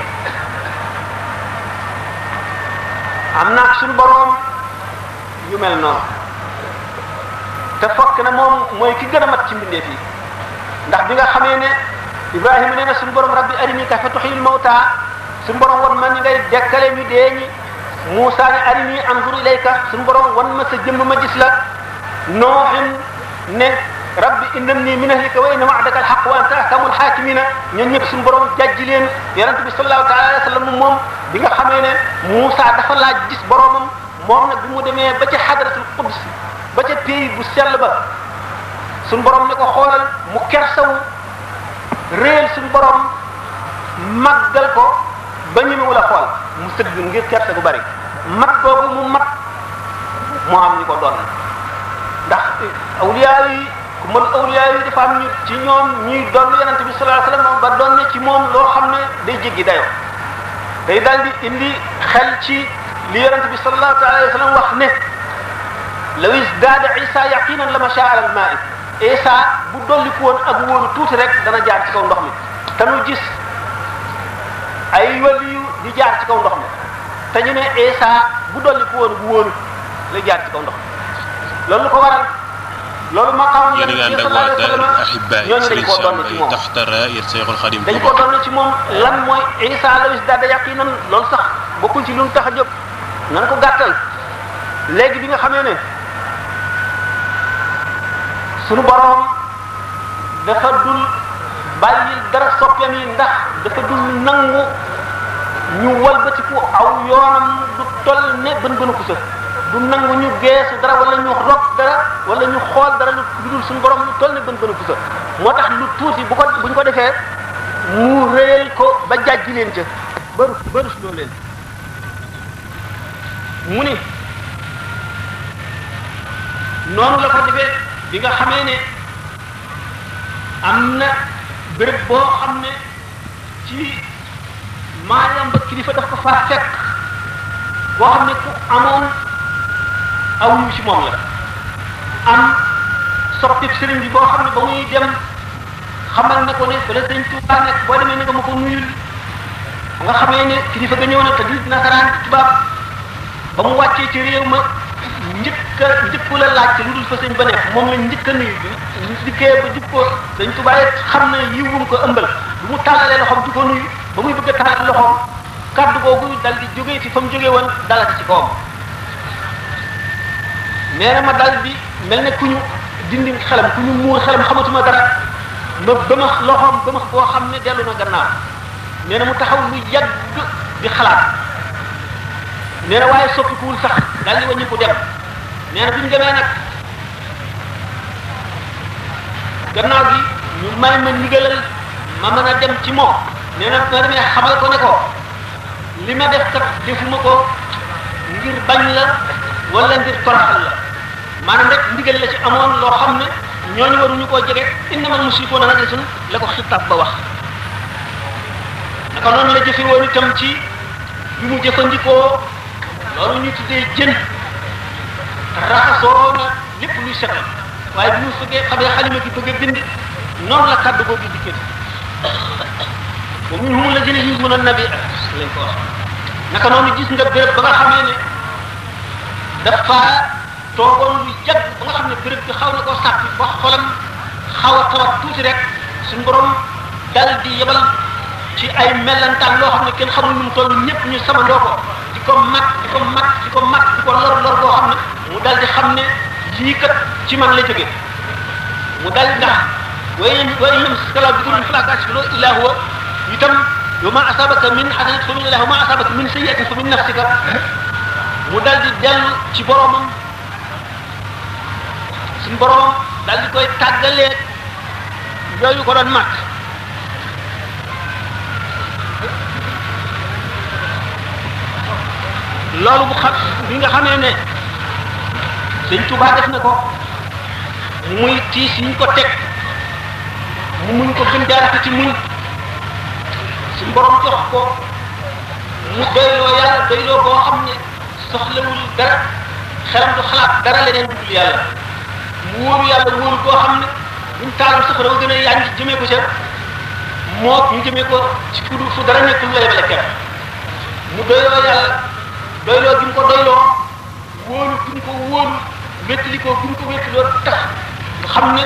am naa suñu borom yu mel noonu te fokk na moom mooy ki gën a mat ci mbindeef yi ndax bi nga xamee ne Ibrahima nee na suñu borom rabbi arini kayfa tuhyil mawta suñu borom wan ma ni ngay dekkale ñu dee ñi Muusaa ne arini anzur ilayka suñu borom wan ma sa jëmm ma gis la nooxin ne rabbi innani min ahlika wa inna wa'daka al-haqq wa anta ahkamul haakimiin ñun ñëpp suñu borom jàjji leen yonent bi sallallahu taala alayhi wa sallam moom bi nga xamee ne Muusaa dafa laaj gis boromam moom nag bi mu demee ba ca hadratul quds ba ca pays bu sell ba. suñ borom ne ko xoolal mu kersawu réel suñ borom màggal ko ba ñu mu la xool mu sëgg ngir kersa gu bari mat boobu mu mat moo am ñu ko doon ndax awliyaa yi ku mën awliyaa yi dafa am ñu ci ñoom ñuy doon yonente bi sallallahu alayhi wasallam ba doon ne ci moom loo xam ne day jéggi dayo day daal di indi xel ci li yonente bi sallallahu alayhi wasallam wax ne law izdaada isa yaqinan la masha al ma'i Isa bu dolliku woon ak wóoru tuuti rek dana jaar ci kaw ndox mi te nu gis ay yu di jaar ci kaw ndox mi te ñu ne Isa bu dolliku woon bu wóoru la jaar ci kaw ndox mi loolu ko waral loolu ma xam yéen a ngi ànd ak waa Daara Ahibba Serigne Sam Mbaye taxta raayat Seyxul Xadim dañ ko doon ci moom lan mooy Isa la is dada yàq yi nan loolu sax bokkuñ ci lu mu tax a jóg nan ko gàttal léegi bi nga xamee ne suñu borom dafa dul bàyyil dara soppeem yi ndax dafa dul nangu ñu walbatiku aw yoonam du toll ne bën bënu kusa du nangu ñu geesu dara wala ñu rob dara wala ñu xool dara lu dul suñu borom lu toll ne bën bënu kusa moo tax lu tuuti bu ko bu ñu ko defee mu réyal ko ba jàjji leen ca baru barus loo leen mu ni noonu la ko defee bi nga xamee ne am na béréb boo xam ne ci maayam ba kilifa daf ko faa boo xam ne ku amoon aw yu ci moom la am soppib sëriñ bi boo xam ne ba muy dem xamal na ko ne bala sëriñ boo demee ne nga ma ko nuyul nga xamee ne kilifa ga ñëw na te di nasaraan tubaab ba mu wàccee ci réew ma njëkk a njëkku la laaj ci lu dul fa sëñ ba moom la njëkk a nuyu bi dikkee ba jub ko sëñ Tuubaa xam ne yiwum ko ëmbal bu mu tàllalee loxoom di ko nuyu ba muy bëgg a tàllal loxoom kàddu googu dal di jógee ci fa mu jógee woon dalati ci kawam nee na ma dal di mel ne ku ñu dindi xelam ku ñu muur xelam xamatuma dara ma bëmax loxoom bëmax koo xam ne dellu na gannaaw nee na mu taxaw lu yàgg di xalaat nee na waaye soppikuwul sax dal di wàññi ko dem nee bi bu ñu demee nag gannaaw gi ñu may ma ndigalal ma mën a dem ci moom nee na ma demee xamal ko ne ko li ma def kat defuma ko ngir bañ la wala ngir toroxal la maanaam rek ndigal la ci amoon loo xam ne ñooñu waruñu koo jege innamal musrikuuna najasun la ko xitaab ba wax naka noonu la jëfe woon itam ci bi mu jëfandikoo loolu ci tuddee jën raxasoo na lépp luy setal waaye bi ñu fekkee xamee xalima gi bëgg a bind noonu la kàddu boobu dikkee wa minhum alladina yuzuna nabiyya lañ ko wax naka noonu gis nga béréb ba nga xamee ne dafa toogoon lu jag ba nga xam ne béréb bi xaw na koo sàpp ba xolam xaw a tawat tuuti rek suñu borom dal di yebal ci ay mellantaan loo xam ne kenn xamul nu mu toll ñëpp ñu samandoo ko ko mag di ko mag di ko mag di ko lor lor boo xam ne mu dal di xam ne lii kat ci man la jógee mu dal ndax wayn wayn yamsaska bi durrin falaa kaashifa lahu illaa huwa itam wa ma asabaka min hasanatin fa min Illaahi wa ma asabaka min sayyi'atin fa min nafsika mu dal di dellu ci boromam suñu boromam dal di koy tàggalee yooyu ko doon màgg loolu bu xam bi nga xamee ne sëñ Tuubaa def na ko muy tiis ñu ko teg mu muñ ko gën jaarata ci muñ su borom tox ko mu doyloo yàlla doyloo koo xam ne soxlawul dara xelam du xalaat dara leneen dul yàlla mu wóoru yàlla wóoru koo xam ne buñ taalam safara gën a yaa ngi jëmee ko ca moo ñu jëmee ko ci fu dara nekkul lay bale kem mu doyloo yàlla doyloo gi mu ko doyloo wóolu gi mu ko wóolu wétali ko gi mu ko wétali woon tax nga xam ne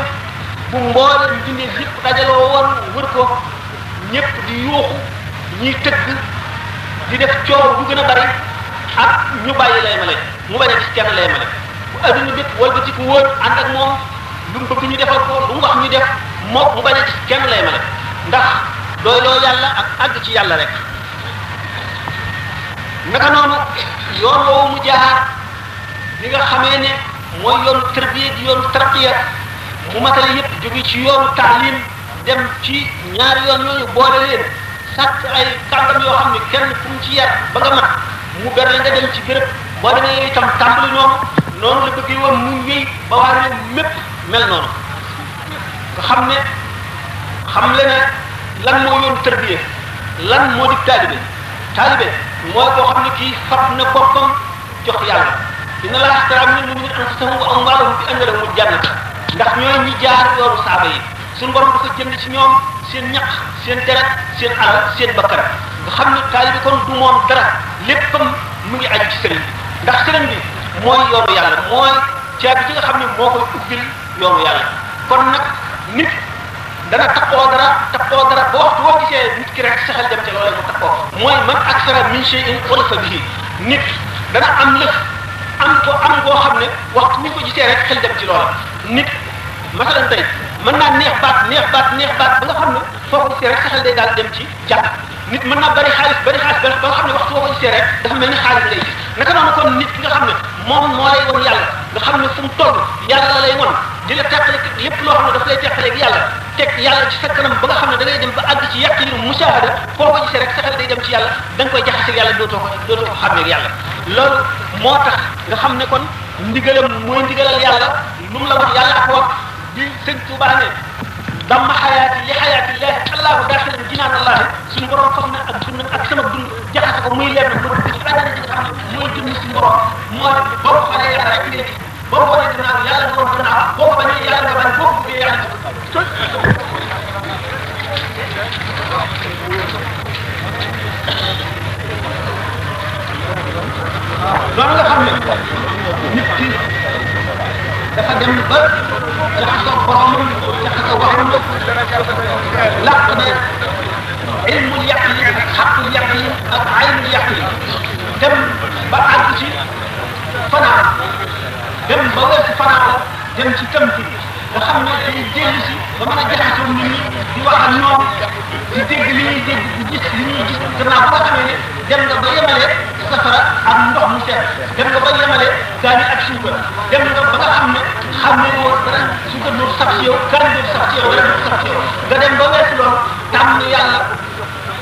bu mboole mbindee yëpp dajaloo woon wër ko ñëpp di yuuxu ñuy tëgg di def coow bu gën a bari ak ñu bàyyi lay male mu bañ a ci kenn lay male bu adduna bépp walbati ku wóor ak moom lu mu bëgg ñu defal ko ñu def moom mu bañ ci kenn lay male ndax doyloo yàlla ak àgg ci yàlla rek naka noonu yoon woowu mu jaar li nga xamee ne mooy yoonu tërbiya di yoonu tarqiya mu matale yëpp jóge ci yoonu taalim dem ci ñaar yoon yooyu boole leen sàkk ay kàngam yoo xam ne kenn fu ci yar ba nga mat mu ber dem ci béréb boo demee itam tàmbali noonu noonu la bëggee woon mu wéy ba waa réew mépp mel noonu nga xam ne xam le lan moo yoonu tërbiya lan moo di taalibe taalibe mooy boo xam ne kii fab na boppam jox yàlla dina laa astra minal mu'minina anfusahum wa amwaalahum bi anna lahumul jannata ndax ñooy ñi jaar yoonu saaba yi suñu borom dafa jënd ci ñoom seen ñaq seen deret seen alal seen bakkan nga xam ne taalibe kon du moom dara léppam mu ngi aju ci ndax sëriñ bi mooy yoonu yàlla mooy caabi ki nga xam ne moo koy ubbil yoonu yàlla kon nag dana takkoo dara takkoo dara ba waxtu boo gisee nit ki rek saxal dem ca loolee mu takkoo mooy man aksara min shay'in xulafa bihi nit dana am lëf am ko am boo xam ne waxtu ni ko gisee rek xel dem ci loola nit masalan tey mën naa neex baat neex baat neex baat ba nga xam ne foo ko gisee rek saxal day daal dem ci jàpp nit mën naa bari xaalis bari xaalis ba nga xam ne waxtu boo ko gisee rek dafa mel ni xaalis lay gis naka noonu kon nit ki nga xam ne moom moo lay woon yàlla nga xam ne fu mu toll yàlla lay woon di la teqale lépp loo xam ne daf lay teqaleeg yàlla teg yàlla ci sa kanam ba nga xam ne da ngay dem ba àgg ci yàqinu musaahada foo ko gisee rek sa xel day dem ci yàlla da nga koy jaxaseeg yàlla dootoo ko dootoo ko xàmmeeg yàlla loolu moo tax nga xam ne kon ndigalam mooy ndigalal yàlla lu mu la wax yàlla ak wax di sëñ Tuubaa ne damma xayaati li xayaati llahi allahu daaxilan jinaan allahi suñu borom fam na ak dundam ak sama dund jaxase ko muy lenn mu dugg ci àjjana ji nga xam ne mooy dund suñu borom moo boo xoolee yàlla rek ngay gis boo ko wane gannaaw yàlla nga wane gannaaw boo ko bañee yàlla nga bañ boo ko bëggee yàlla loolu nga xam ne nit ki dafa dem ba jaxasoo boromam jaxasoo waxam làq ne ilmul yaqin yi ak xaqul yaqin yi ak aynul yaqin yi dem ba àgg ci fanaan ba wër ci faraala dem ci tëmti nga xam ne dañuy dellu si ba mën a jaxasoo nit ñi di wax ak ñoom di dégg li ñuy dégg di gis li ñuy gis gannaaw ba nga xamee ne dem nga ba yemale safara ak ndox mu seet dem nga ba yemale gaani ak suukar dem nga ba nga xam ne xam ne woo dara suukar dootu sax ci yow gaani dootu sax ci yow dara dootu sax ci yow nga dem ba weesu loolu tàmm ni yàlla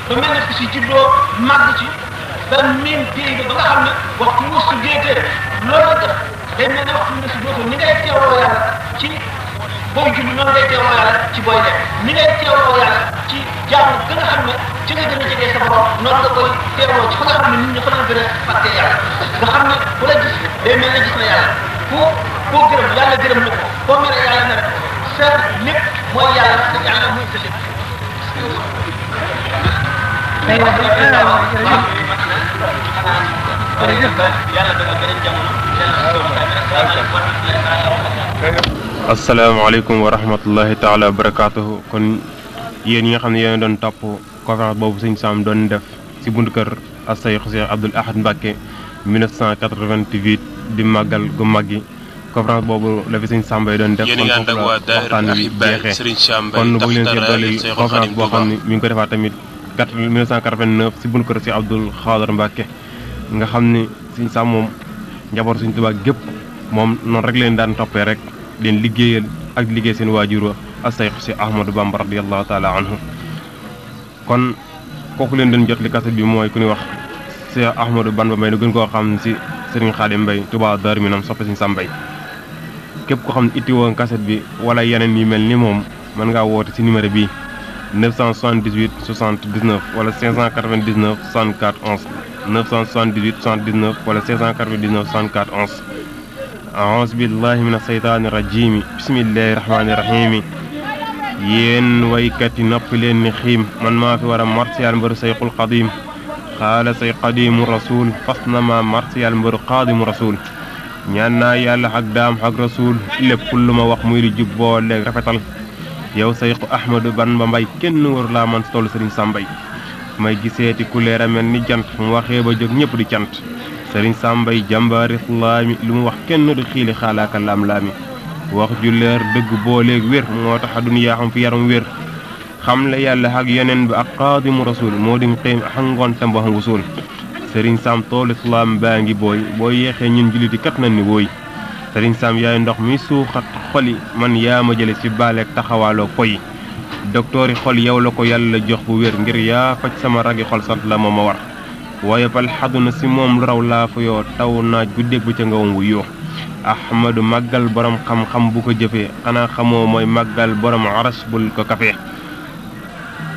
ba mel ne ku si juddoo màgg ci ba miin téye ba nga xam ne waxtu wu su géetee loolu def dañ ne wax ni si dootul ni ngay teewloo yàlla ci booy julli noonu ngay teewloo yàlla ci booy def ni ngay teewloo yàlla ci jaamu gën a xam ne ci nga gën a jege sa borom noonu nga koy teewloo ci fa nga xam ne nit ñi fa la gën a fàtte yàlla nga xam ne bu la gis day mel ne gis na yàlla koo koo gërëm yàlla gërëm na ko koo mere yàlla mere ko sa lépp mooy yàlla sa yàlla muy sa lépp. tey nag asalaamaaleykum wa rahmatullahi taala wa barakaatuhu kon yéen ñi nga xam ne yéen doon topp conférence boobu sëñ Sam doon def ci buntu kër Assaye Cheikh Abdoul Ahad Mbacke 1988 di màggal gu mag yi conférence boobu la fi sëñ Sam Mbaye doon def kon foofu la waxtaan wi jeexee kon bu leen see dolli boo xam ne ñu ngi ko defaat tamit 1989 ci buntu kër si Abdoul Xaadar Mbacke nga xam ni suñ sàmm moom njaboot suñ Tuubaa gépp moom noonu rek leen daan toppee rek leen liggéeyal ak liggéey seen waajur wa asayx si Ahmadou Bamba radiallahu taala anhu kon kooku leen doon jot li kaset bi mooy ku ñuy wax si Ahmadou Bamba Mbay nu gën koo xam si Sëriñ Xaadim Mbay Tuubaa Daaru Minam soppe suñ sàmbay képp ko xam ne itti woon kaset bi wala yeneen yi mel ni moom mën ngaa woote ci numéro bii 978 79 wala 599 64 11 978 79 wala 599 64 11 aouzu billahi min aseytaani rajimi bismillahi rahmaani rahimi yéen waykat yi nopp leen ni xiim man maa fi war a martial mbëru sayxul xadim xaala say xadimu rasul fas na ma martial mbëru xadimu rasul ñaan naa yàlla xak daam xak rasul lépp lu ma wax muy lu jub boo leeg rafetal yow sayqu ban Bamba Mbay kenn war laa man toll sëriñ Sàmbay may giseeti kuleer a mel ni jant mu waxee ba jóg ñépp di cant sëriñ Sàmbay jàmbaari islaami lu mu wax kenn du xiili xaalaaka laam-laami wax ju leer dëgg booleeg wér moo tax a duniyaa xam fi yaram wér xam la yàlla ak yeneen bi ak xaadimu rasul moo dim xëy ak ngoon tam wax wusul sëriñ Sam toolu islaam baa ngi booy boo yeexee ñun juliti kat na ni wooy sëriñ Sam yaay ndox mi suuxat xoli man yaa ma jële ci baaleeg taxawaaloo poyi doktoori xol yow la ko yàlla jox bu wér ngir yaa faj sama ragi xol sant la moo ma war waaye pal xadu na si moom lu raw laa fa yoo taw naaj bu dégg ca ngawam wu yoo ahmadu màggal borom xam-xam bu ko jëfee xanaa xamoo mooy màggal borom aras bul ko kafee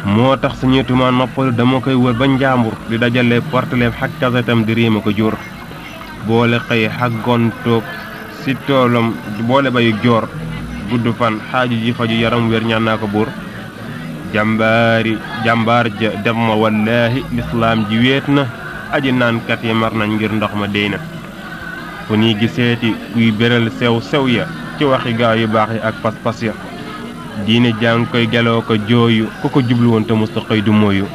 moo tax sa ñeetuma noppalu dama koy wër ba njaambur di dajale porteleem xag kasetam di riima ko jur boole xëy xag si toolam boole bayu joor gudd fan xaaju ji faju yaram wér ñaan naa ko buur jàmbaari jàmbaar ja dem ma wallaahi lislaam ji wéet na aji naankat yi mar nañ ngir ndox ma dey na fu ñuy giseeti kuy béral sew sew ya ci waxi gaaw yu baax yi ak pas-pas ya diine jàng koy geloo ko jooyu ku ko jubluwoon te musta xëy du mooyu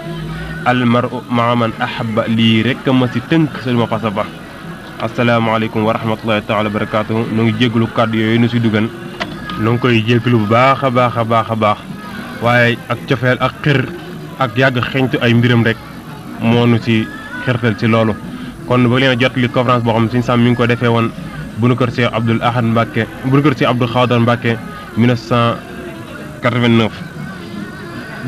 almaru maaman ahaba lii rekk ma si tënk su duma fasa ba asalaamaaleykum wa rahmatullahi taala barakaatu nu ngi jégalu kàddu yooyu nu si duggan nu ngi koy jégalu bu baax a baax a baax a baax waaye ak cofeel ak xir ak yàgg xeñtu ay mbiram rek moo nu ci xirtal ci loolu. kon ba leen a jot li conférence boo xam suñu sàmm mi ngi ko defee woon bu nu kër si Abdoul Ahad Mbacke bu kër si Abdoul Khadar Mbacke 1989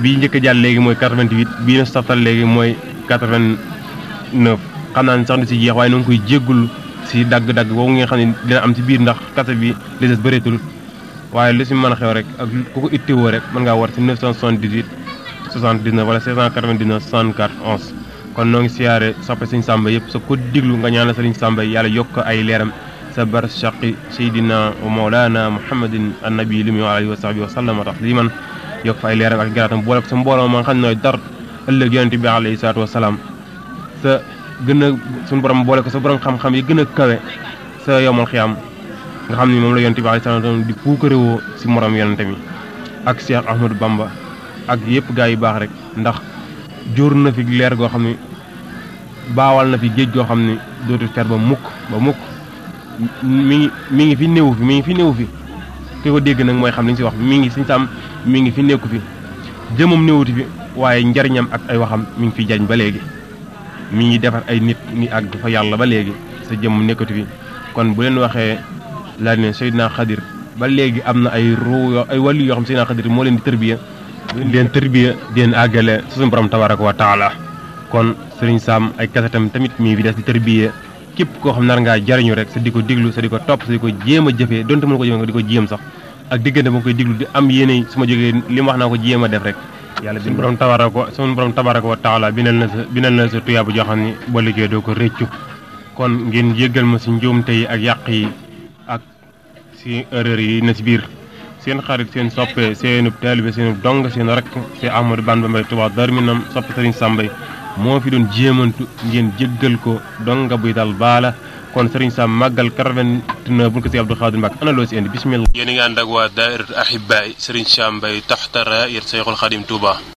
bii njëkk a jàll léegi mooy 88 bii na saftal léegi mooy 89. xam naa ne sax du si jeex waaye na nga koy jéggul si dagg-dagg boobu nga xam ne dina am si biir ndax kase bi li des bëreetul waaye lu si mën a xew rek ak ku ko itteewoo rek mën ngaa war si 978 79 wala 699 64 11 kon noo ngi siyaare soppe sëñ Samba yëpp sa ko diglu nga sa sëriñ Samba yàlla yokk ay leeram sa bar shaqi seydina wa mawlaana muhammadin annabi li muy alayhi wa sahbi wa sallama tasliman yokk fa ay leeram ak garaatam boole ko sa a ma nga xam ne nooy dar ëllëg yonente bi alayhi salaatu wasalaam sa gën a suñu borom boole ko sa borom xam-xam yi gën a kawe sa yomal am nga xam ni moom la yonent bi alayhi salaam di si morom yonent mi ak Cheikh Ahmadou Bamba ak yépp gaa yu baax rek ndax jóor na fi leer goo xam ni baawal na fi géej goo xam ni dootu fer ba mukk ba mukk mi ngi mi ngi fi néewu fi mi ngi fi néewu fi ki ko dégg nag mooy xam li ñu si wax mi ngi suñu saam mi ngi fi nekku fi jëmam néewuti fi waaye njariñam ak ay waxam mi ngi fi jariñ ba léegi mi ngi defar ay nit ñu àgg fa yàlla ba léegi sa jëmm nekkatu bi kon bu leen waxee laa ne Seydina Xadir ba léegi am na ay ruu ay wàllu yoo xam Seydina Xadir moo leen di tërbiya leen tërbiya di leen àggale suñu borom tabaraka wa taala kon Serigne Sam ay kasetam tamit mi fi des di tërbiya képp koo xam nar ngaa jariñu rek sa di ko diglu sa di ko topp sa di ko jéem a jëfee donte mënu ko jëfee nga di ko jéem sax ak diggante moo koy diglu di am yéene su ma jógee li ma wax naa ko jéem a def yàlla suñu borom tabaraka wa suñu borom tabaraka wa taala bindal na sa bindal na sa tuyaabu joo xam ne boo liggéey doo ko réccu kon ngeen yëggal ma si njuumte yi ak yàq yi ak si erreur yi na si biir seen xarit seen soppe seenub taalibe seenub dong seen rakk see Ahmadou Bamba Mbaye Touba Darou Minam soppe Serigne Sam Mbaye moo fi doon jéemantu ngeen jëggal ko donga buy dal baala kon Serigne Sam màggal 89 bu ko si Abdou Khadir Mbacke ana loo si indi bisimilah. yéen a ngi ànd ak waa Daahiratu Ahibaay Serigne Sam Mbaye taxtara yër Seexul Xadim Touba.